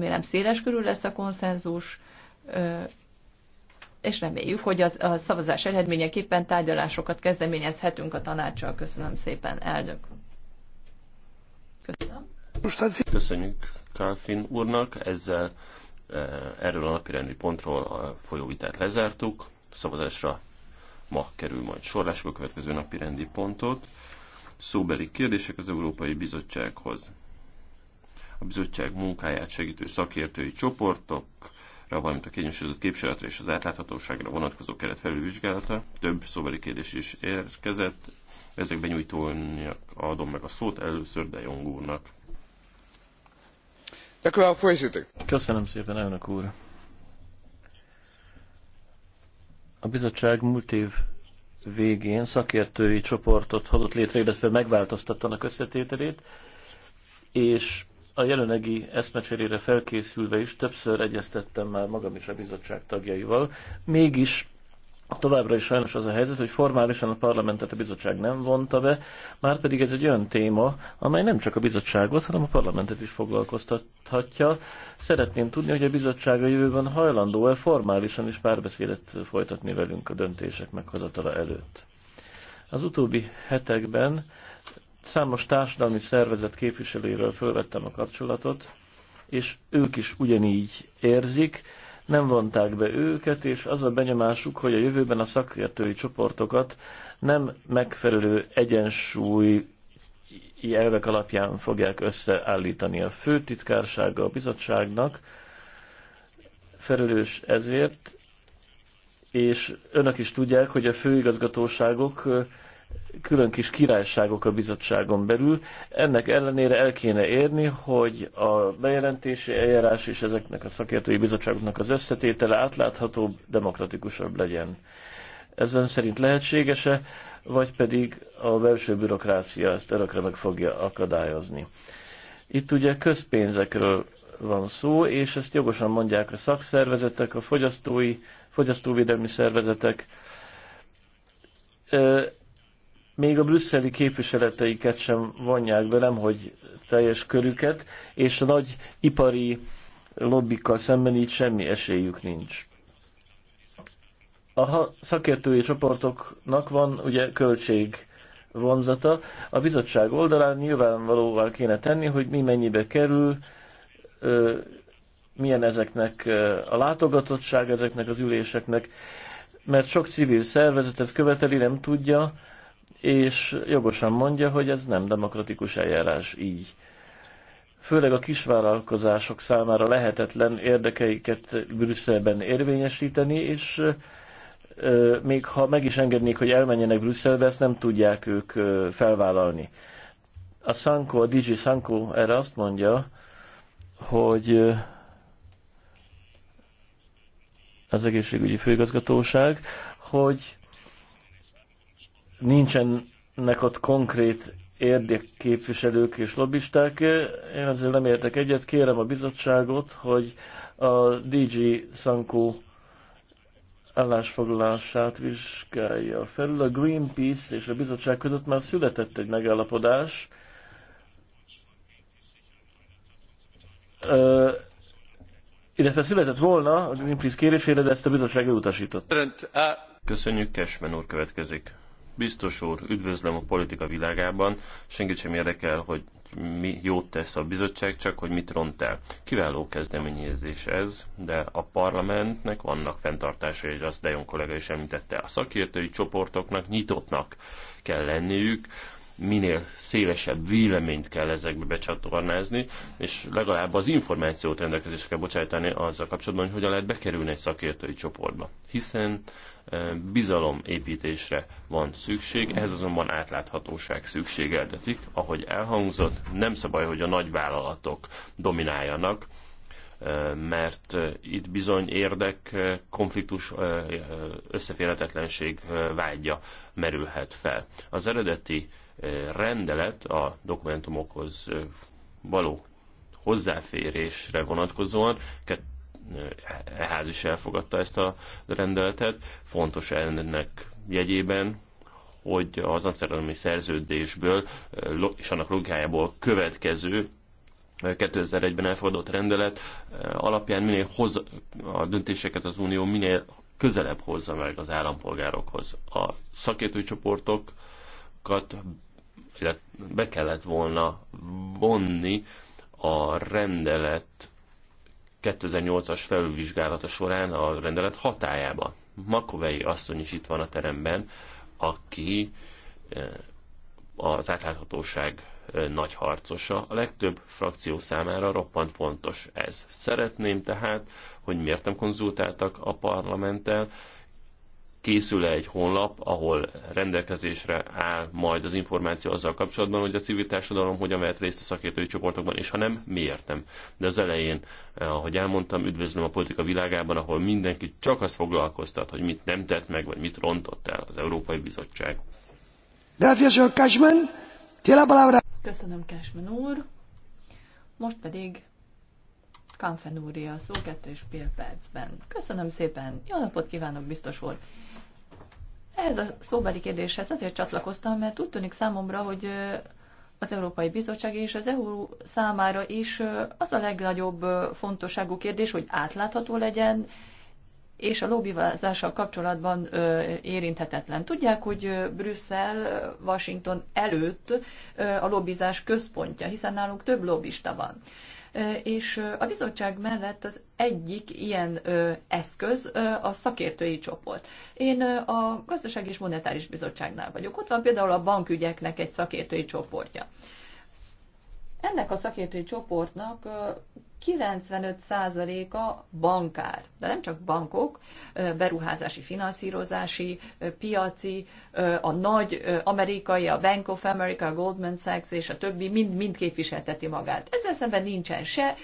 Remélem széles körül lesz a konszenzus, és reméljük, hogy a, a szavazás eredményeképpen tárgyalásokat kezdeményezhetünk a tanácssal. Köszönöm szépen, elnök. Köszönöm. Köszönjük Kalfin úrnak, ezzel erről a napirendi pontról a folyóvitát lezártuk. Szavazásra ma kerül majd sorlások a következő napirendi pontot. Szóbeli kérdések az Európai Bizottsághoz a bizottság munkáját segítő szakértői csoportokra, valamint a kényesített képviseletre és az átláthatóságra vonatkozó keret felülvizsgálata. Több szóbeli kérdés is érkezett. Ezekben benyújtónak adom meg a szót először De Jong úrnak. Köszönöm szépen, elnök úr! A bizottság múlt év végén szakértői csoportot hozott létre, illetve megváltoztattanak összetételét, és a jelenlegi eszmecserére felkészülve is többször egyeztettem már magam is a bizottság tagjaival, mégis Továbbra is sajnos az a helyzet, hogy formálisan a parlamentet a bizottság nem vonta be, már pedig ez egy olyan téma, amely nem csak a bizottságot, hanem a parlamentet is foglalkoztathatja. Szeretném tudni, hogy a bizottság a jövőben hajlandó-e formálisan is párbeszédet folytatni velünk a döntések meghozatala előtt. Az utóbbi hetekben számos társadalmi szervezet képviselőről fölvettem a kapcsolatot, és ők is ugyanígy érzik, nem vonták be őket, és az a benyomásuk, hogy a jövőben a szakértői csoportokat nem megfelelő egyensúly elvek alapján fogják összeállítani a főtitkársága a bizottságnak, felelős ezért, és önök is tudják, hogy a főigazgatóságok külön kis királyságok a bizottságon belül. Ennek ellenére el kéne érni, hogy a bejelentési eljárás és ezeknek a szakértői bizottságoknak az összetétele átláthatóbb, demokratikusabb legyen. Ez ön szerint lehetséges-e, vagy pedig a belső bürokrácia ezt örökre meg fogja akadályozni? Itt ugye közpénzekről van szó, és ezt jogosan mondják a szakszervezetek, a fogyasztói, fogyasztóvédelmi szervezetek még a brüsszeli képviseleteiket sem vonják be, nem hogy teljes körüket, és a nagy ipari lobbikkal szemben így semmi esélyük nincs. A szakértői csoportoknak van ugye költség vonzata. A bizottság oldalán nyilvánvalóvá kéne tenni, hogy mi mennyibe kerül, milyen ezeknek a látogatottság, ezeknek az üléseknek, mert sok civil szervezet ezt követeli, nem tudja, és jogosan mondja, hogy ez nem demokratikus eljárás így. Főleg a kisvállalkozások számára lehetetlen érdekeiket Brüsszelben érvényesíteni, és még ha meg is engednék, hogy elmenjenek Brüsszelbe, ezt nem tudják ők felvállalni. A Sanko, a Digi Sanko erre azt mondja, hogy az egészségügyi főigazgatóság, hogy nincsenek ott konkrét érdekképviselők és lobbisták. Én azért nem értek egyet. Kérem a bizottságot, hogy a DG Sankó állásfoglalását vizsgálja felül. A Greenpeace és a bizottság között már született egy megállapodás. Ö, illetve született volna a Greenpeace kérésére, de ezt a bizottság elutasított. Köszönjük, Cashman úr következik. Biztos úr, üdvözlöm a politika világában. Senkit sem érdekel, hogy mi jót tesz a bizottság, csak hogy mit ront el. Kiváló kezdeményezés ez, de a parlamentnek vannak fenntartásai, hogy azt Dejon kollega is említette. A szakértői csoportoknak nyitottnak kell lenniük, minél szélesebb véleményt kell ezekbe becsatornázni, és legalább az információt rendelkezésre kell bocsájtani azzal kapcsolatban, hogy hogyan lehet bekerülni egy szakértői csoportba. Hiszen bizalomépítésre van szükség, ehhez azonban átláthatóság szükségeltetik. Ahogy elhangzott, nem szabad, hogy a nagyvállalatok domináljanak, mert itt bizony érdek, konfliktus, összeférhetetlenség vágya merülhet fel. Az eredeti rendelet a dokumentumokhoz való hozzáférésre vonatkozóan E ház is elfogadta ezt a rendeletet. Fontos ennek jegyében, hogy az amsterdami szerződésből és annak logikájából következő 2001-ben elfogadott rendelet alapján minél hoz, a döntéseket az Unió minél közelebb hozza meg az állampolgárokhoz. A szakértői csoportokat be kellett volna vonni a rendelet 2008-as felülvizsgálata során a rendelet hatájába. Makovei asszony is itt van a teremben, aki eh, az átláthatóság eh, nagy harcosa. A legtöbb frakció számára roppant fontos ez. Szeretném tehát, hogy miért nem konzultáltak a parlamenttel, készül -e egy honlap, ahol rendelkezésre áll majd az információ azzal kapcsolatban, hogy a civil társadalom hogyan vehet részt a szakértői csoportokban, és ha nem, miért nem. De az elején, ahogy elmondtam, üdvözlöm a politika világában, ahol mindenki csak azt foglalkoztat, hogy mit nem tett meg, vagy mit rontott el az Európai Bizottság. Gracias, Cashman. Köszönöm, Cashman úr. Most pedig Kamfen úr a szó kettős és percben. Köszönöm szépen, jó napot kívánok, biztos úr! Ez a szóbeli kérdéshez azért csatlakoztam, mert úgy tűnik számomra, hogy az Európai Bizottság és az EU számára is az a legnagyobb fontosságú kérdés, hogy átlátható legyen, és a lobbyvázással kapcsolatban érinthetetlen. Tudják, hogy Brüsszel, Washington előtt a lobbizás központja, hiszen nálunk több lobbista van és a bizottság mellett az egyik ilyen eszköz a szakértői csoport. Én a Gazdaság és Monetáris Bizottságnál vagyok. Ott van például a bankügyeknek egy szakértői csoportja. Ennek a szakértői csoportnak 95%-a bankár, de nem csak bankok, beruházási, finanszírozási, piaci, a nagy amerikai, a Bank of America, a Goldman Sachs és a többi mind, mind képviselteti magát. Ezzel szemben nincsen se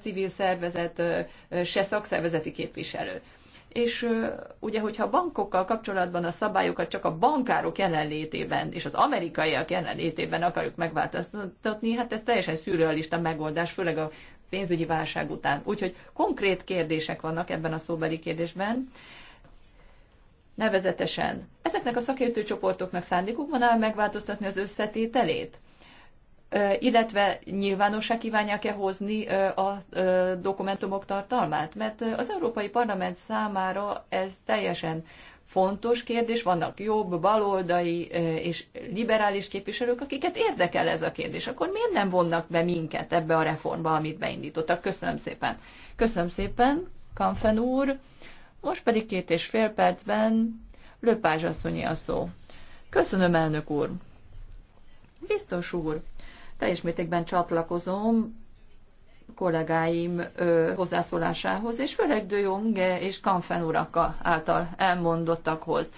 civil szervezet, se szakszervezeti képviselő. És ugye, hogyha a bankokkal kapcsolatban a szabályokat csak a bankárok jelenlétében és az amerikaiak jelenlétében akarjuk megváltoztatni, hát ez teljesen szürrealista megoldás, főleg a pénzügyi válság után. Úgyhogy konkrét kérdések vannak ebben a szóbeli kérdésben. Nevezetesen, ezeknek a szakértőcsoportoknak szándékuk van el megváltoztatni az összetételét? illetve nyilvánosság kívánják-e hozni a dokumentumok tartalmát? Mert az Európai Parlament számára ez teljesen fontos kérdés, vannak jobb, baloldali és liberális képviselők, akiket érdekel ez a kérdés. Akkor miért nem vonnak be minket ebbe a reformba, amit beindítottak? Köszönöm szépen. Köszönöm szépen, Kanfen úr. Most pedig két és fél percben Löpázs asszonyi a szó. Köszönöm, elnök úr. Biztos úr, teljes mértékben csatlakozom kollégáim ö, hozzászólásához, és főleg De Jong és Kanfen urak által elmondottakhoz.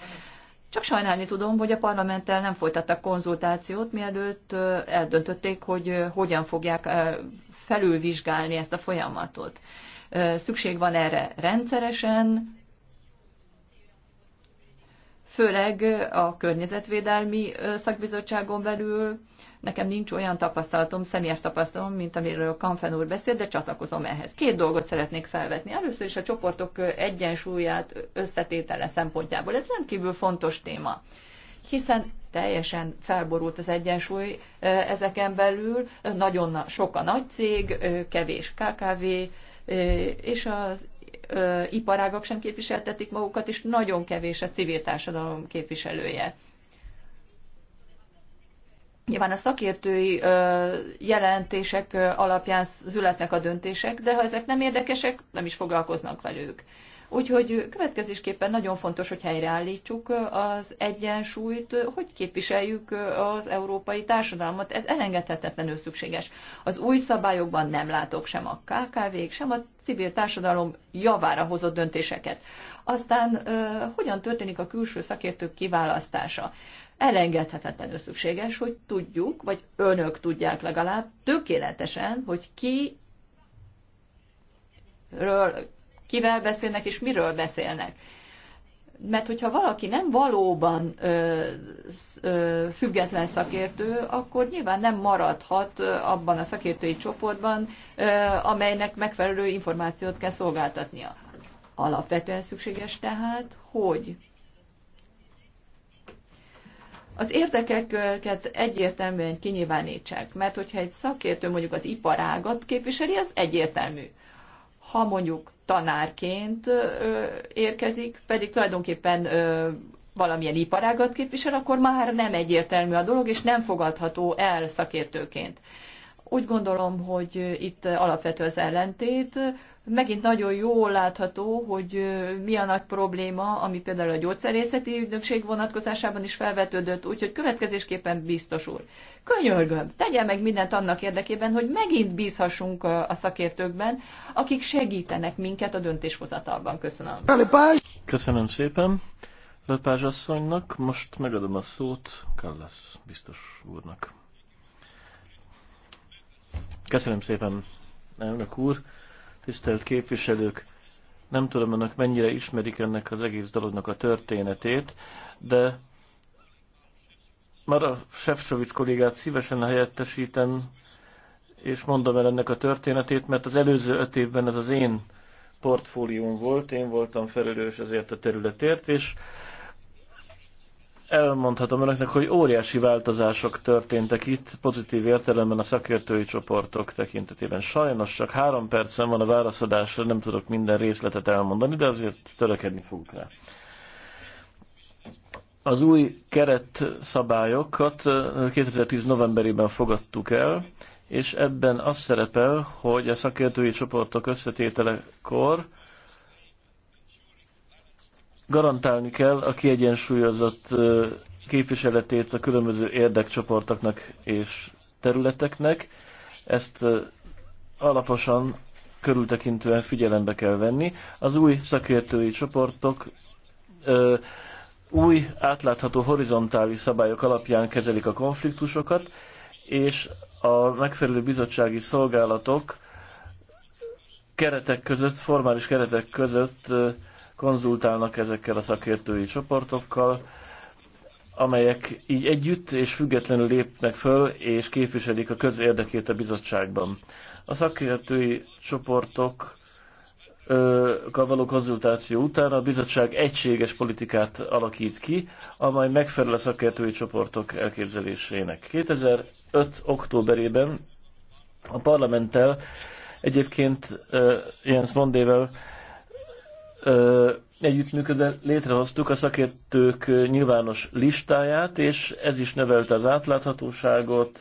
Csak sajnálni tudom, hogy a parlamenttel nem folytattak konzultációt, mielőtt eldöntötték, hogy hogyan fogják felülvizsgálni ezt a folyamatot. Szükség van erre rendszeresen, főleg a környezetvédelmi szakbizottságon belül, Nekem nincs olyan tapasztalatom, személyes tapasztalatom, mint amiről Kanfen úr beszélt, de csatlakozom ehhez. Két dolgot szeretnék felvetni. Először is a csoportok egyensúlyát összetétele szempontjából. Ez rendkívül fontos téma hiszen teljesen felborult az egyensúly ezeken belül, nagyon sok a nagy cég, kevés KKV, és az iparágok sem képviseltetik magukat, és nagyon kevés a civil társadalom képviselője. Nyilván a szakértői jelentések alapján születnek a döntések, de ha ezek nem érdekesek, nem is foglalkoznak velük. Úgyhogy következésképpen nagyon fontos, hogy helyreállítsuk az egyensúlyt, hogy képviseljük az európai társadalmat. Ez elengedhetetlenül szükséges. Az új szabályokban nem látok sem a KKV-k, sem a civil társadalom javára hozott döntéseket aztán hogyan történik a külső szakértők kiválasztása. Elengedhetetlenül szükséges, hogy tudjuk, vagy önök tudják legalább tökéletesen, hogy ki ről, kivel beszélnek és miről beszélnek. Mert hogyha valaki nem valóban ö, ö, független szakértő, akkor nyilván nem maradhat abban a szakértői csoportban, ö, amelynek megfelelő információt kell szolgáltatnia. Alapvetően szükséges tehát, hogy az érdekeket egyértelműen kinyilvánítsák, mert hogyha egy szakértő mondjuk az iparágat képviseli, az egyértelmű. Ha mondjuk tanárként érkezik, pedig tulajdonképpen valamilyen iparágat képvisel, akkor már nem egyértelmű a dolog, és nem fogadható el szakértőként. Úgy gondolom, hogy itt alapvető az ellentét, megint nagyon jól látható, hogy mi a nagy probléma, ami például a gyógyszerészeti ügynökség vonatkozásában is felvetődött, úgyhogy következésképpen biztos úr. Könyörgöm, tegye meg mindent annak érdekében, hogy megint bízhassunk a szakértőkben, akik segítenek minket a döntéshozatalban. Köszönöm. Köszönöm szépen. Lepázs asszonynak, most megadom a szót Kallasz biztos úrnak. Köszönöm szépen, elnök úr tisztelt képviselők, nem tudom önök mennyire ismerik ennek az egész dolognak a történetét, de már a Sefcsovics kollégát szívesen helyettesítem, és mondom el ennek a történetét, mert az előző öt évben ez az én portfólióm volt, én voltam felelős ezért a területért, és elmondhatom önöknek, hogy óriási változások történtek itt, pozitív értelemben a szakértői csoportok tekintetében. Sajnos csak három percen van a válaszadásra, nem tudok minden részletet elmondani, de azért törekedni fogunk rá. Az új keret szabályokat 2010 novemberében fogadtuk el, és ebben az szerepel, hogy a szakértői csoportok összetételekor garantálni kell a kiegyensúlyozott képviseletét a különböző érdekcsoportoknak és területeknek. Ezt alaposan, körültekintően figyelembe kell venni. Az új szakértői csoportok új, átlátható horizontális szabályok alapján kezelik a konfliktusokat, és a megfelelő bizottsági szolgálatok keretek között, formális keretek között ö, konzultálnak ezekkel a szakértői csoportokkal, amelyek így együtt és függetlenül lépnek föl, és képviselik a közérdekét a bizottságban. A szakértői csoportok való konzultáció után a bizottság egységes politikát alakít ki, amely megfelel a szakértői csoportok elképzelésének. 2005. októberében a parlamenttel egyébként Jens Mondével együttműködve létrehoztuk a szakértők nyilvános listáját, és ez is növelte az átláthatóságot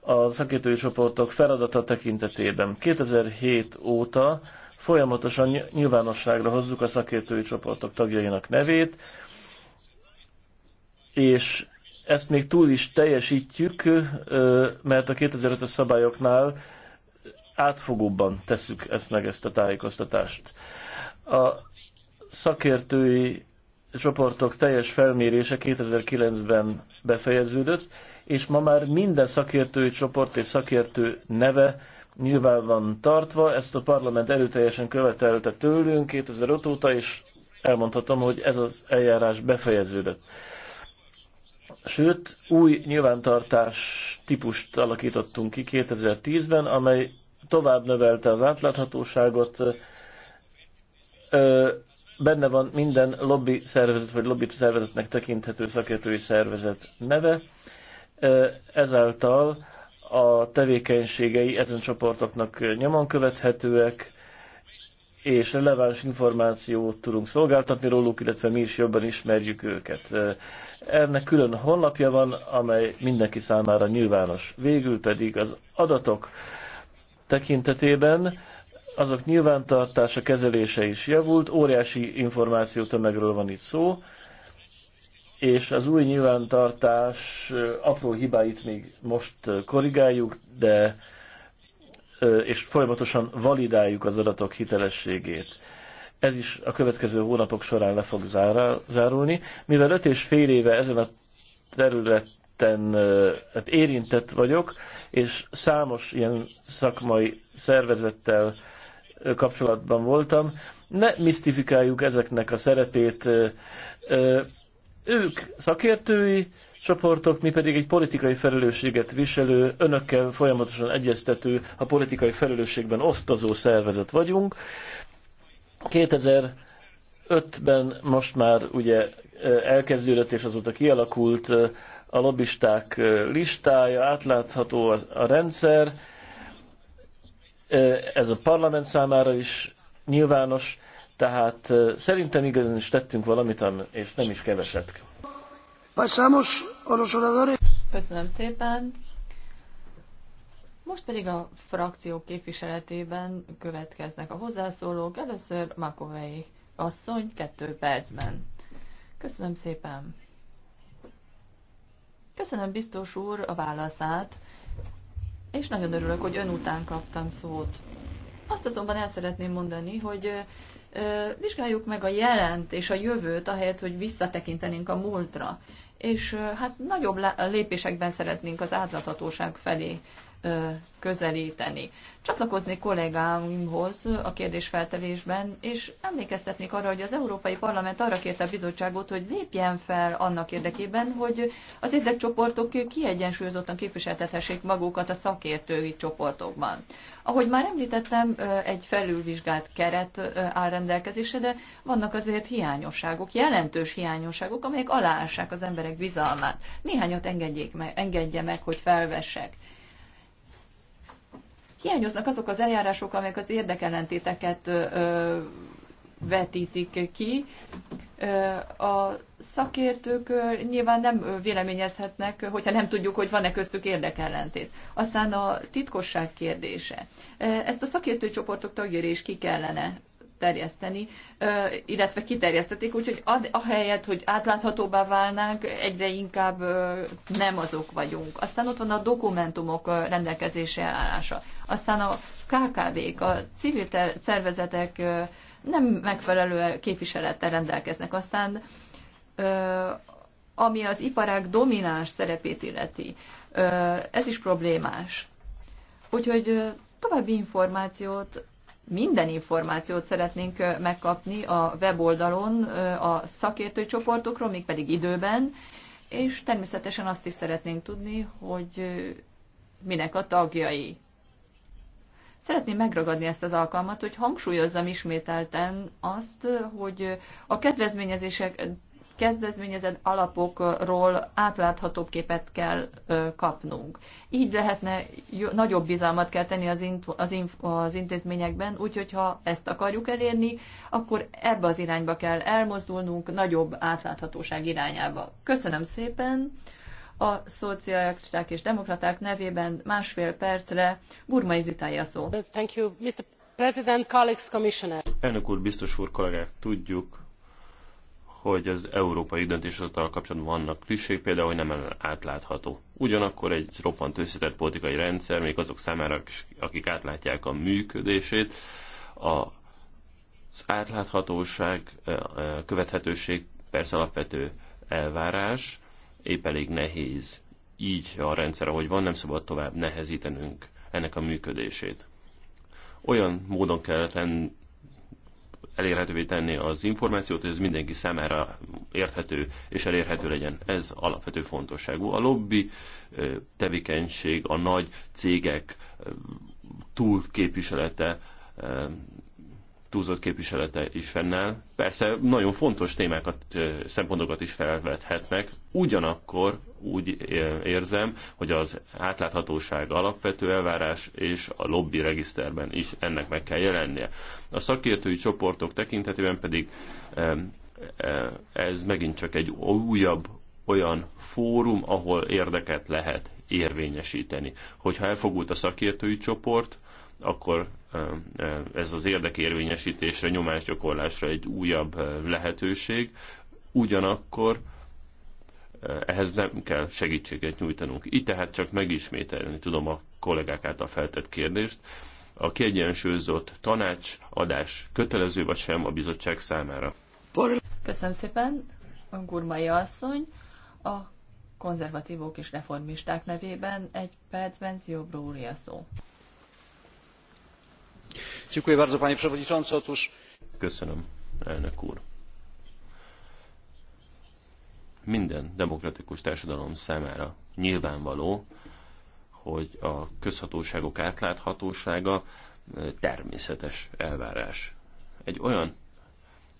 a szakértői csoportok feladata tekintetében. 2007 óta folyamatosan nyilvánosságra hozzuk a szakértői csoportok tagjainak nevét, és ezt még túl is teljesítjük, mert a 2005-ös szabályoknál átfogóbban tesszük ezt meg, ezt a tájékoztatást. A szakértői csoportok teljes felmérése 2009-ben befejeződött, és ma már minden szakértői csoport és szakértő neve nyilván van tartva. Ezt a parlament erőteljesen követelte tőlünk 2005 óta, és elmondhatom, hogy ez az eljárás befejeződött. Sőt, új nyilvántartás típust alakítottunk ki 2010-ben, amely tovább növelte az átláthatóságot, benne van minden lobby szervezet vagy lobby szervezetnek tekinthető szakértői szervezet neve. Ezáltal a tevékenységei ezen csoportoknak nyomon követhetőek, és releváns információt tudunk szolgáltatni róluk, illetve mi is jobban ismerjük őket. Ennek külön honlapja van, amely mindenki számára nyilvános. Végül pedig az adatok tekintetében azok nyilvántartása, kezelése is javult, óriási információ tömegről van itt szó, és az új nyilvántartás apró hibáit még most korrigáljuk, de és folyamatosan validáljuk az adatok hitelességét. Ez is a következő hónapok során le fog zárulni. Mivel öt és fél éve ezen a területen hát érintett vagyok, és számos ilyen szakmai szervezettel, kapcsolatban voltam. Ne misztifikáljuk ezeknek a szeretét. Ők szakértői csoportok, mi pedig egy politikai felelősséget viselő, önökkel folyamatosan egyeztető, a politikai felelősségben osztozó szervezet vagyunk. 2005-ben most már ugye elkezdődött és azóta kialakult a lobbisták listája, átlátható a rendszer, ez a parlament számára is nyilvános, tehát szerintem igazán is tettünk valamit, és nem is keveset. Köszönöm szépen. Most pedig a frakció képviseletében következnek a hozzászólók. Először Makovei asszony kettő percben. Köszönöm szépen. Köszönöm biztos úr a válaszát és nagyon örülök, hogy ön után kaptam szót. Azt azonban el szeretném mondani, hogy vizsgáljuk meg a jelent és a jövőt, ahelyett, hogy visszatekintenénk a múltra. És hát nagyobb lépésekben szeretnénk az átlathatóság felé közelíteni. Csatlakozni kollégáimhoz a kérdésfeltelésben, és emlékeztetnék arra, hogy az Európai Parlament arra kérte a bizottságot, hogy lépjen fel annak érdekében, hogy az érdekcsoportok kiegyensúlyozottan képviseltethessék magukat a szakértői csoportokban. Ahogy már említettem, egy felülvizsgált keret áll rendelkezésre, de vannak azért hiányosságok, jelentős hiányosságok, amelyek aláássák az emberek bizalmát. Néhányat engedjék meg, engedje meg, hogy felvessek hiányoznak azok az eljárások, amelyek az érdekellentéteket vetítik ki. A szakértők nyilván nem véleményezhetnek, hogyha nem tudjuk, hogy van-e köztük érdekellentét. Aztán a titkosság kérdése. Ezt a szakértőcsoportok csoportok tagjére is ki kellene terjeszteni, illetve kiterjesztették, úgyhogy ad, ahelyett, hogy átláthatóbbá válnánk, egyre inkább nem azok vagyunk. Aztán ott van a dokumentumok rendelkezésre állása. Aztán a KKV-k, a civil szervezetek nem megfelelő képviselettel rendelkeznek. Aztán ami az iparák domináns szerepét illeti, ez is problémás. Úgyhogy további információt minden információt szeretnénk megkapni a weboldalon a szakértői csoportokról, még pedig időben, és természetesen azt is szeretnénk tudni, hogy minek a tagjai. Szeretném megragadni ezt az alkalmat, hogy hangsúlyozzam ismételten azt, hogy a kedvezményezések kezdezményezett alapokról átláthatóbb képet kell kapnunk. Így lehetne nagyobb bizalmat kell tenni az, in- az, in- az intézményekben, úgyhogy ha ezt akarjuk elérni, akkor ebbe az irányba kell elmozdulnunk, nagyobb átláthatóság irányába. Köszönöm szépen! a szocialisták és demokraták nevében másfél percre Gurmai Zitája szó. Thank you, Mr. President, colleagues, Commissioner. Elnök úr, biztos úr, kollégák, tudjuk, hogy az európai döntéshozatal kapcsolatban vannak klisék, például, hogy nem átlátható. Ugyanakkor egy roppant összetett politikai rendszer, még azok számára, akik átlátják a működését, a az átláthatóság, e, e, követhetőség persze alapvető elvárás, épp elég nehéz így a rendszer, ahogy van, nem szabad tovább nehezítenünk ennek a működését. Olyan módon kell rend, elérhetővé tenni az információt, hogy ez mindenki számára érthető és elérhető legyen. Ez alapvető fontosságú. A lobby tevékenység, a nagy cégek túlképviselete túlzott képviselete is fennáll. Persze nagyon fontos témákat, szempontokat is felvethetnek, ugyanakkor úgy érzem, hogy az átláthatóság alapvető elvárás és a lobby regiszterben is ennek meg kell jelennie. A szakértői csoportok tekintetében pedig ez megint csak egy újabb olyan fórum, ahol érdeket lehet érvényesíteni. Hogyha elfogult a szakértői csoport, akkor ez az érdekérvényesítésre, nyomásgyakorlásra egy újabb lehetőség. Ugyanakkor ehhez nem kell segítséget nyújtanunk. Itt tehát csak megismételni tudom a kollégák által feltett kérdést. A kiegyensúlyozott tanácsadás kötelező vagy sem a bizottság számára? Köszönöm szépen, Gurmai asszony. A konzervatívok és reformisták nevében egy percben Ziobro úr szó panie przewodniczący! otóż minden demokratikus társadalom számára nyilvánvaló hogy a közhatóságok átláthatósága természetes elvárás. Egy olyan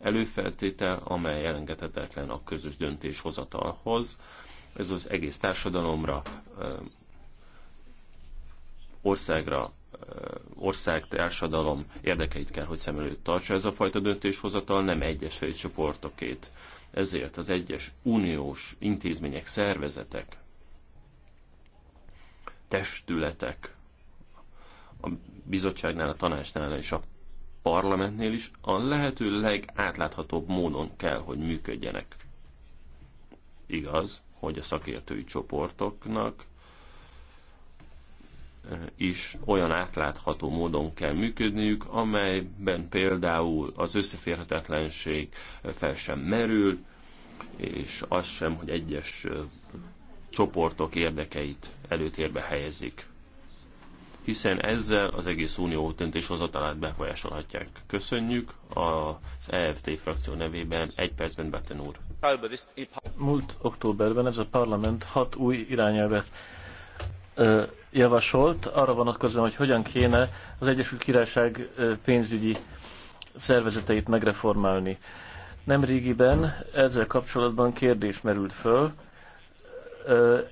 előfeltétel, amely elengedhetetlen a közös döntéshozatalhoz. Ez az egész társadalomra, országra, ország, társadalom érdekeit kell, hogy szem előtt tartsa. Ez a fajta döntéshozatal nem egyes csoportokét. Ezért az egyes uniós intézmények, szervezetek, testületek, a bizottságnál, a tanácsnál és a parlamentnél is a lehető legátláthatóbb módon kell, hogy működjenek. Igaz, hogy a szakértői csoportoknak is olyan átlátható módon kell működniük, amelyben például az összeférhetetlenség fel sem merül, és az sem, hogy egyes csoportok érdekeit előtérbe helyezik. Hiszen ezzel az egész unió döntéshozatalát befolyásolhatják. Köszönjük az EFT frakció nevében. Egy percben Betten úr. Múlt októberben ez a parlament hat új irányelvet javasolt, arra vonatkozóan, hogy hogyan kéne az Egyesült Királyság pénzügyi szervezeteit megreformálni. Nemrégiben ezzel kapcsolatban kérdés merült föl,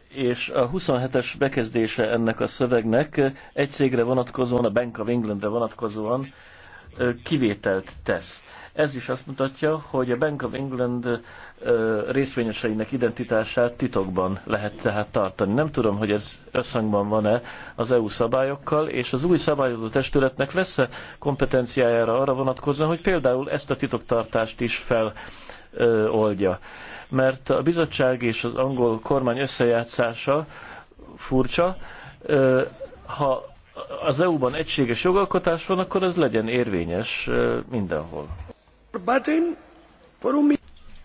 és a 27-es bekezdése ennek a szövegnek egy cégre vonatkozóan, a Bank of Englandre vonatkozóan kivételt tesz. Ez is azt mutatja, hogy a Bank of England részvényeseinek identitását titokban lehet tehát tartani. Nem tudom, hogy ez összhangban van-e az EU szabályokkal, és az új szabályozó testületnek lesz-e kompetenciájára arra vonatkozóan, hogy például ezt a titoktartást is feloldja. Mert a bizottság és az angol kormány összejátszása furcsa. ha az EU-ban egységes jogalkotás van, akkor ez legyen érvényes mindenhol.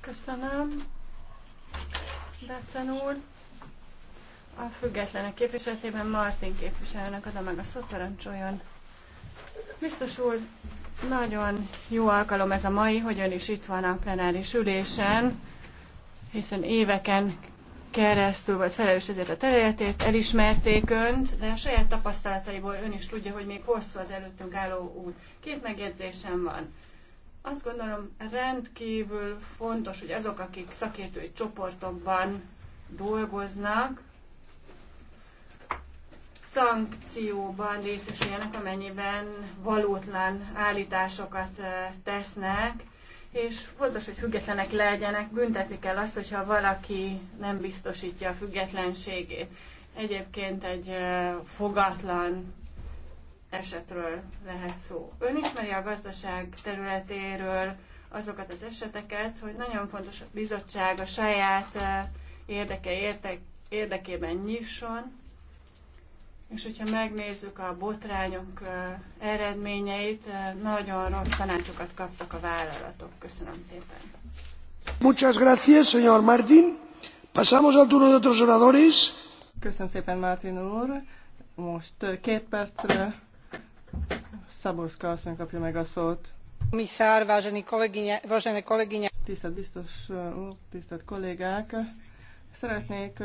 Köszönöm. Betten A függetlenek képviseletében Martin képviselőnek adom meg a szót, parancsoljon. Biztos úr, nagyon jó alkalom ez a mai, hogy ön is itt van a plenáris ülésen, hiszen éveken keresztül volt felelős ezért a területért, elismerték önt, de a saját tapasztalataiból ön is tudja, hogy még hosszú az előttünk álló út. Két megjegyzésem van azt gondolom rendkívül fontos, hogy azok, akik szakértői csoportokban dolgoznak, szankcióban részesüljenek, amennyiben valótlan állításokat eh, tesznek, és fontos, hogy függetlenek legyenek, büntetni kell azt, hogyha valaki nem biztosítja a függetlenségét. Egyébként egy eh, fogatlan esetről lehet szó. Ön ismeri a gazdaság területéről azokat az eseteket, hogy nagyon fontos a bizottság a saját eh, érdeke értek, érdekében nyisson, és hogyha megnézzük a botrányok eh, eredményeit, eh, nagyon rossz tanácsokat kaptak a vállalatok. Köszönöm szépen. Muchas gracias, señor Martin. Pasamos al turno de otros oradores. Köszönöm szépen, Martin úr. Most két percre Szaborszka asszony kapja meg a szót. Komisár, vážené kolegyne, vážené kolegyne. Tisztelt biztos úr, tisztelt kollégák! Szeretnék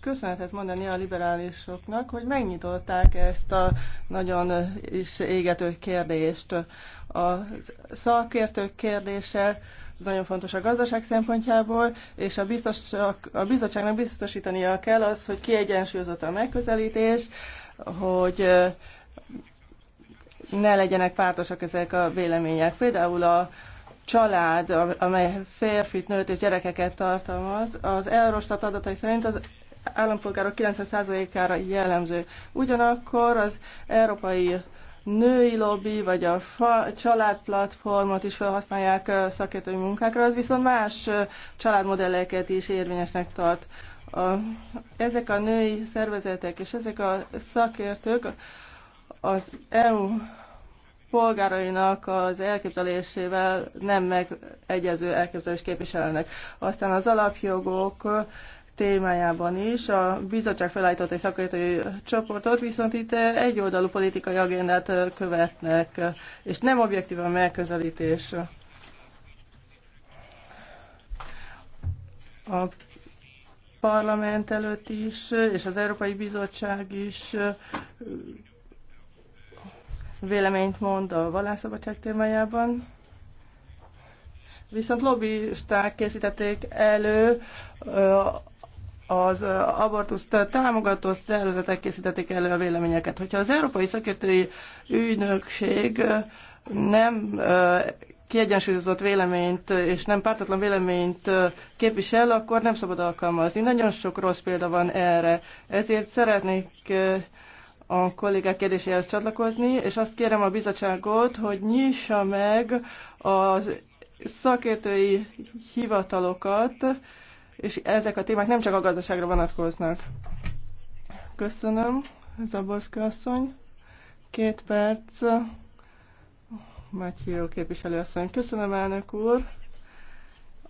köszönetet mondani a liberálisoknak, hogy megnyitották ezt a nagyon is égető kérdést. A szakértők kérdése nagyon fontos a gazdaság szempontjából, és a, biztos, a bizottságnak biztosítania kell az, hogy kiegyensúlyozott a megközelítés, hogy ne legyenek pártosak ezek a vélemények. Például a család, amely férfit, nőt és gyerekeket tartalmaz, az Eurostat adatai szerint az állampolgárok 90%-ára jellemző. Ugyanakkor az európai női lobby, vagy a fa, családplatformot is felhasználják szakértői munkákra, az viszont más családmodelleket is érvényesnek tart. A, ezek a női szervezetek és ezek a szakértők az EU polgárainak az elképzelésével nem megegyező elképzelés képviselnek. Aztán az alapjogok témájában is a bizottság felállított egy szakértői csoportot, viszont itt egyoldalú politikai agendát követnek, és nem objektív a megközelítés. A parlament előtt is, és az Európai Bizottság is véleményt mond a vallásszabadság témájában. Viszont lobbisták készítették elő az abortuszt támogató szervezetek készítették elő a véleményeket. Hogyha az Európai Szakértői Ügynökség nem kiegyensúlyozott véleményt és nem pártatlan véleményt képvisel, akkor nem szabad alkalmazni. Nagyon sok rossz példa van erre. Ezért szeretnék a kollégák kérdéséhez csatlakozni, és azt kérem a bizottságot, hogy nyissa meg az szakértői hivatalokat, és ezek a témák nem csak a gazdaságra vonatkoznak. Köszönöm, Zaborszka asszony. Két perc. képviselő asszony. Köszönöm, elnök úr.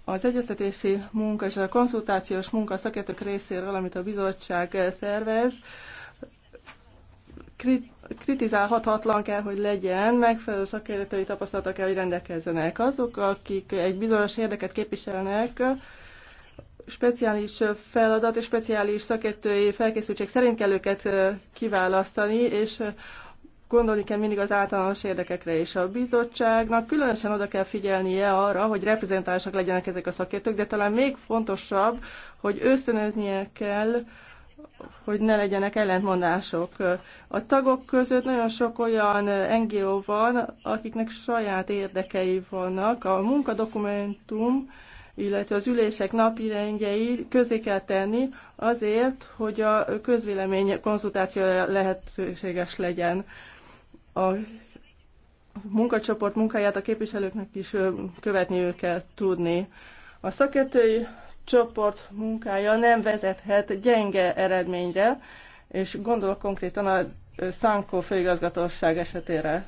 Az egyeztetési munka és a konszultációs munka szakértők részéről, amit a bizottság szervez, krit kritizálhatatlan kell, hogy legyen, megfelelő szakértői tapasztalata kell, hogy rendelkezzenek. Azok, akik egy bizonyos érdeket képviselnek, speciális feladat és speciális szakértői felkészültség szerint kell őket kiválasztani, és gondolni kell mindig az általános érdekekre, és a bizottságnak különösen oda kell figyelnie arra, hogy reprezentálisak legyenek ezek a szakértők, de talán még fontosabb, hogy ösztönöznie kell hogy ne legyenek ellentmondások. A tagok között nagyon sok olyan NGO van, akiknek saját érdekei vannak. A munkadokumentum, illetve az ülések napirendjei közé kell tenni azért, hogy a közvélemény konzultáció lehetőséges legyen. A munkacsoport munkáját a képviselőknek is követniük kell tudni. A szakértői csoport munkája nem vezethet gyenge eredményre, és gondolok konkrétan a Szankó főigazgatóság esetére.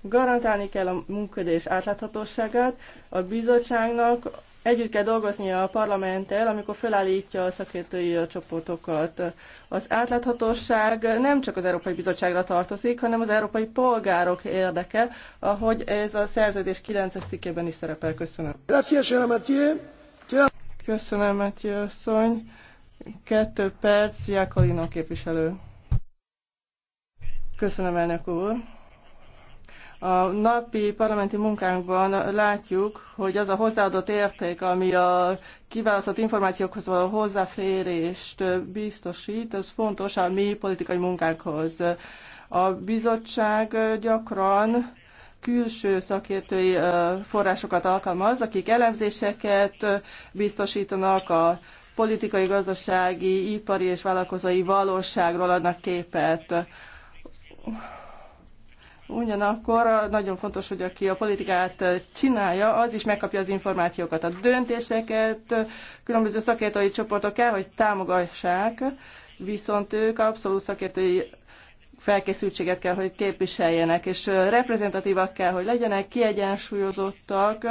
Garantálni kell a munködés átláthatóságát, a bizottságnak együtt kell dolgoznia a parlamenttel, amikor felállítja a szakértői csoportokat. Az átláthatóság nem csak az Európai Bizottságra tartozik, hanem az európai polgárok érdeke, ahogy ez a szerződés 9-es cikkében is szerepel. Köszönöm. Gracias, Köszönöm, Matyi asszony. Kettő perc, Jákolino képviselő. Köszönöm, elnök úr. A napi parlamenti munkánkban látjuk, hogy az a hozzáadott érték, ami a kiválasztott információkhoz való hozzáférést biztosít, az fontos a mi politikai munkánkhoz. A bizottság gyakran külső szakértői forrásokat alkalmaz, akik elemzéseket biztosítanak a politikai, gazdasági, ipari és vállalkozói valóságról adnak képet. Ugyanakkor nagyon fontos, hogy aki a politikát csinálja, az is megkapja az információkat, a döntéseket, különböző szakértői csoportok kell, hogy támogassák, viszont ők abszolút szakértői felkészültséget kell, hogy képviseljenek, és reprezentatívak kell, hogy legyenek, kiegyensúlyozottak,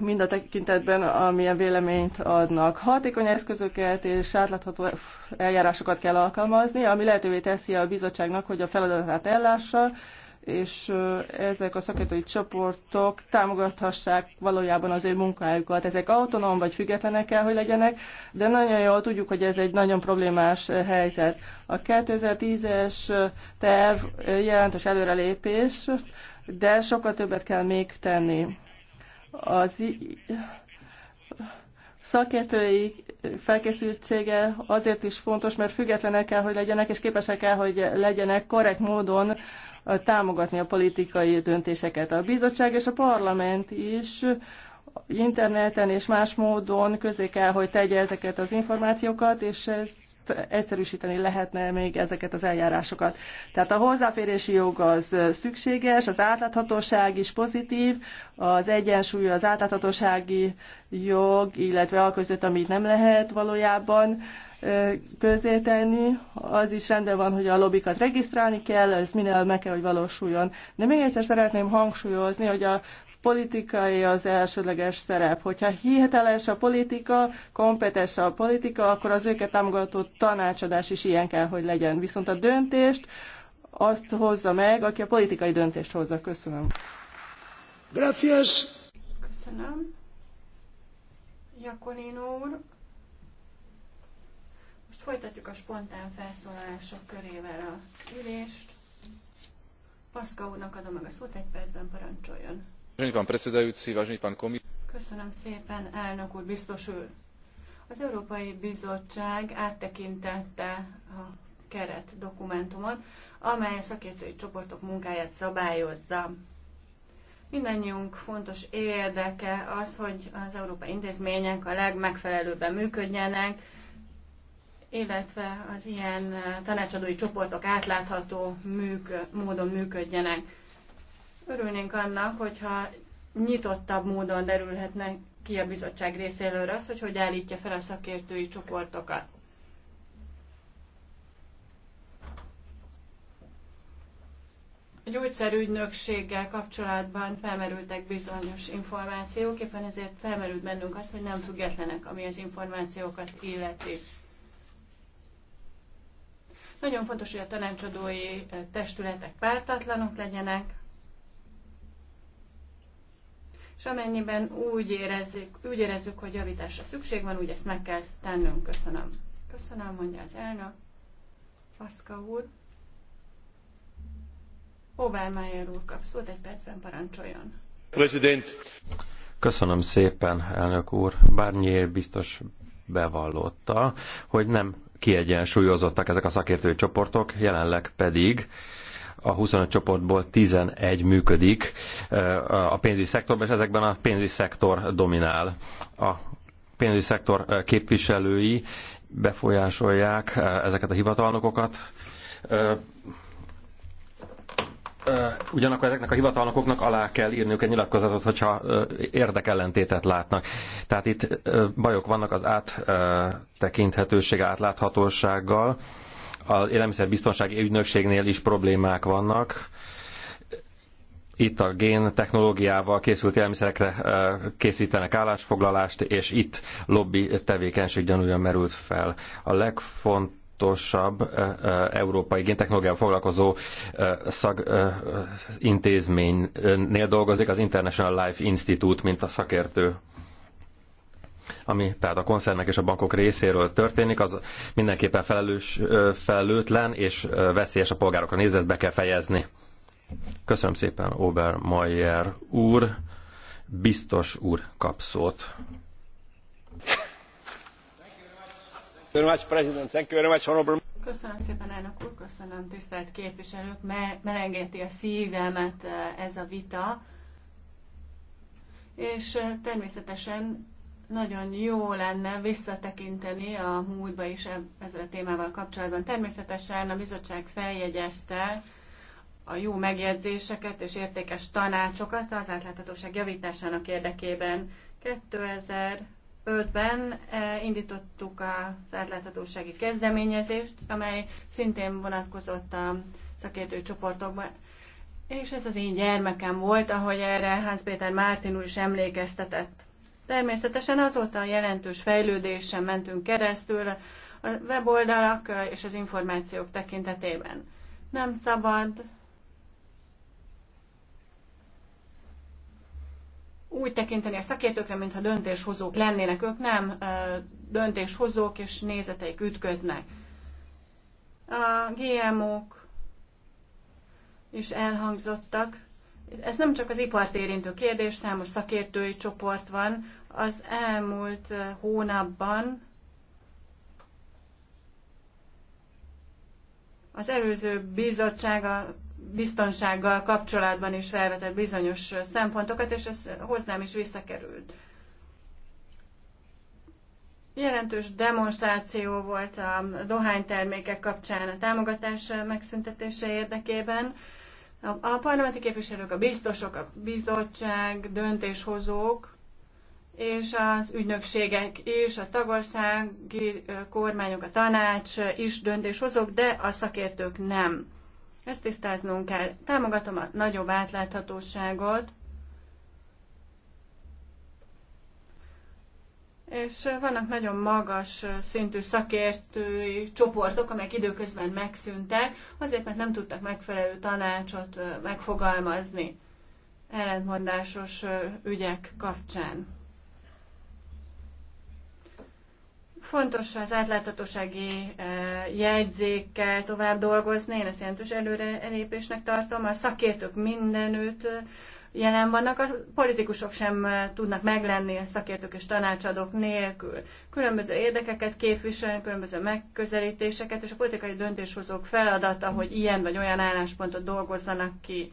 mind a tekintetben, amilyen véleményt adnak. Hatékony eszközöket és átlátható eljárásokat kell alkalmazni, ami lehetővé teszi a bizottságnak, hogy a feladatát ellássa, és ezek a szakértői csoportok támogathassák valójában az ő munkájukat. Ezek autonóm vagy függetlenek kell, hogy legyenek, de nagyon jól tudjuk, hogy ez egy nagyon problémás helyzet. A 2010-es terv jelentős előrelépés, de sokkal többet kell még tenni. Az szakértői felkészültsége azért is fontos, mert függetlenek kell, hogy legyenek, és képesek kell, hogy legyenek korrekt módon támogatni a politikai döntéseket. A bizottság és a parlament is interneten és más módon közé kell, hogy tegye ezeket az információkat, és ez egyszerűsíteni lehetne még ezeket az eljárásokat. Tehát a hozzáférési jog az szükséges, az átláthatóság is pozitív, az egyensúly az átláthatósági jog, illetve a között, amit nem lehet valójában tenni. Az is rendben van, hogy a lobbikat regisztrálni kell, ez minél meg kell, hogy valósuljon. De még egyszer szeretném hangsúlyozni, hogy a politikai az elsődleges szerep. Hogyha hiteles a politika, kompetens a politika, akkor az őket támogató tanácsadás is ilyen kell, hogy legyen. Viszont a döntést azt hozza meg, aki a politikai döntést hozza. Köszönöm. Gracias. Köszönöm. Jakonin úr. Most folytatjuk a spontán felszólalások körével a ülést. Paszka úrnak adom meg a szót, egy percben parancsoljon. Köszönöm szépen, elnök úr, Az Európai Bizottság áttekintette a keret dokumentumot, amely a szakértői csoportok munkáját szabályozza. Mindannyiunk fontos érdeke az, hogy az európai intézmények a legmegfelelőbben működjenek, illetve az ilyen tanácsadói csoportok átlátható műk- módon működjenek Örülnénk annak, hogyha nyitottabb módon derülhetne ki a bizottság részéről az, hogy hogy állítja fel a szakértői csoportokat. A gyógyszerügynökséggel kapcsolatban felmerültek bizonyos információk, éppen ezért felmerült bennünk az, hogy nem függetlenek, ami az információkat illeti. Nagyon fontos, hogy a tanácsadói testületek pártatlanok legyenek, és amennyiben úgy érezzük, úgy érezzük, hogy javításra szükség van, úgy ezt meg kell tennünk. Köszönöm. Köszönöm, mondja az elnök. Paszka úr. Obermeyer úr kap szót, egy percben parancsoljon. President. Köszönöm szépen, elnök úr. Bárnyiért biztos bevallotta, hogy nem kiegyensúlyozottak ezek a szakértői csoportok, jelenleg pedig a 25 csoportból 11 működik a pénzügyi szektorban, és ezekben a pénzügyi szektor dominál. A pénzügyi szektor képviselői befolyásolják ezeket a hivatalnokokat. Ugyanakkor ezeknek a hivatalnokoknak alá kell írniuk egy nyilatkozatot, hogyha érdekellentétet látnak. Tehát itt bajok vannak az áttekinthetőség, átláthatósággal az élelmiszerbiztonsági ügynökségnél is problémák vannak. Itt a gén technológiával készült élelmiszerekre készítenek állásfoglalást, és itt lobby tevékenység gyanúja merült fel. A legfontosabb legfontosabb európai géntechnológiával foglalkozó szakintézménynél dolgozik, az International Life Institute, mint a szakértő ami tehát a koncernek és a bankok részéről történik, az mindenképpen felelős, felelőtlen és veszélyes a polgárokra nézve, ezt be kell fejezni. Köszönöm szépen, Mayer úr. Biztos úr kap szót. Köszönöm szépen, elnök úr, köszönöm tisztelt képviselők, melengeti a szívemet ez a vita, és természetesen nagyon jó lenne visszatekinteni a múltba is e- ezzel a témával kapcsolatban. Természetesen a bizottság feljegyezte a jó megjegyzéseket és értékes tanácsokat az átláthatóság javításának érdekében. 2005-ben eh, indítottuk az átláthatósági kezdeményezést, amely szintén vonatkozott a szakértő csoportokban. És ez az én gyermekem volt, ahogy erre Hans Péter Mártin úr is emlékeztetett. Természetesen azóta a jelentős fejlődésen mentünk keresztül a weboldalak és az információk tekintetében. Nem szabad úgy tekinteni a szakértőkre, mintha döntéshozók lennének. Ők nem döntéshozók, és nézeteik ütköznek. A GMO-k is elhangzottak. Ez nem csak az ipart érintő kérdés, számos szakértői csoport van. Az elmúlt hónapban az előző bizottság a biztonsággal kapcsolatban is felvetett bizonyos szempontokat, és ez hozzám is visszakerült. Jelentős demonstráció volt a dohánytermékek kapcsán a támogatás megszüntetése érdekében. A, a parlamenti képviselők, a biztosok, a bizottság, döntéshozók és az ügynökségek is, a tagországi kormányok, a tanács is döntéshozók, de a szakértők nem. Ezt tisztáznunk kell. Támogatom a nagyobb átláthatóságot És vannak nagyon magas szintű szakértői csoportok, amelyek időközben megszűntek, azért, mert nem tudtak megfelelő tanácsot megfogalmazni ellentmondásos ügyek kapcsán. Fontos az átláthatósági jegyzékkel tovább dolgozni, én ezt jelentős előre elépésnek tartom. A szakértők mindenütt jelen vannak, a politikusok sem tudnak meglenni a szakértők és tanácsadók nélkül. Különböző érdekeket képviselnek, különböző megközelítéseket, és a politikai döntéshozók feladata, hogy ilyen vagy olyan álláspontot dolgozzanak ki.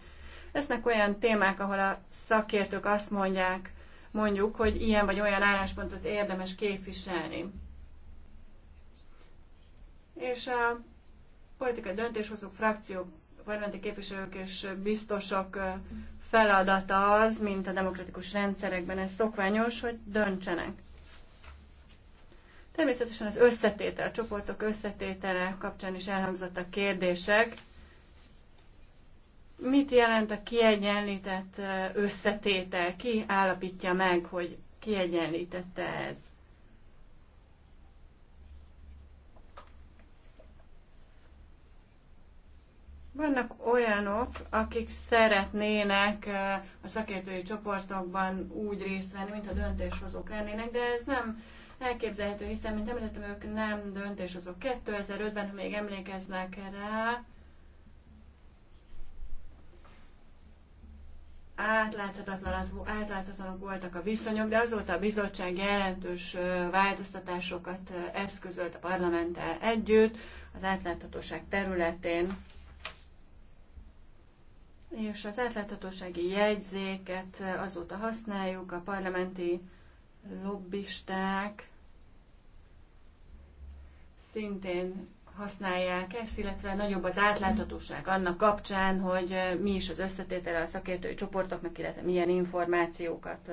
Lesznek olyan témák, ahol a szakértők azt mondják, mondjuk, hogy ilyen vagy olyan álláspontot érdemes képviselni. És a politikai döntéshozók, frakciók, parlamenti képviselők és biztosok feladata az, mint a demokratikus rendszerekben ez szokványos, hogy döntsenek. Természetesen az összetétel, a csoportok összetétele kapcsán is elhangzottak kérdések. Mit jelent a kiegyenlített összetétel? Ki állapítja meg, hogy kiegyenlítette ez? Vannak olyanok, akik szeretnének a szakértői csoportokban úgy részt venni, mint a döntéshozók lennének, de ez nem elképzelhető, hiszen, mint említettem, ők nem döntéshozók. 2005-ben, ha még emlékeznek rá, átláthatatlanok voltak a viszonyok, de azóta a bizottság jelentős változtatásokat eszközölt a parlamenttel együtt az átláthatóság területén és az átláthatósági jegyzéket azóta használjuk, a parlamenti lobbisták szintén használják ezt, illetve nagyobb az átláthatóság annak kapcsán, hogy mi is az összetétele a szakértői csoportoknak, illetve milyen információkat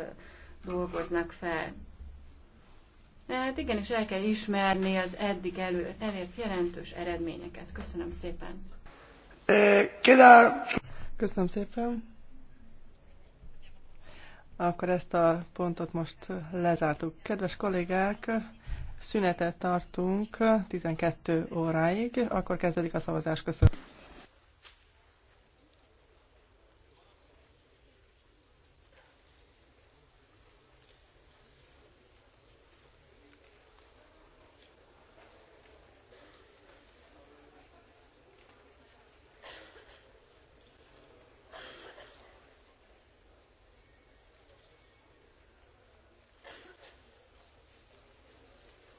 dolgoznak fel. Hát igenis el kell ismerni az eddig elő, elért jelentős eredményeket. Köszönöm szépen. Eh, Köszönöm szépen. Akkor ezt a pontot most lezártuk. Kedves kollégák, szünetet tartunk 12 óráig, akkor kezdődik a szavazás. Köszönöm.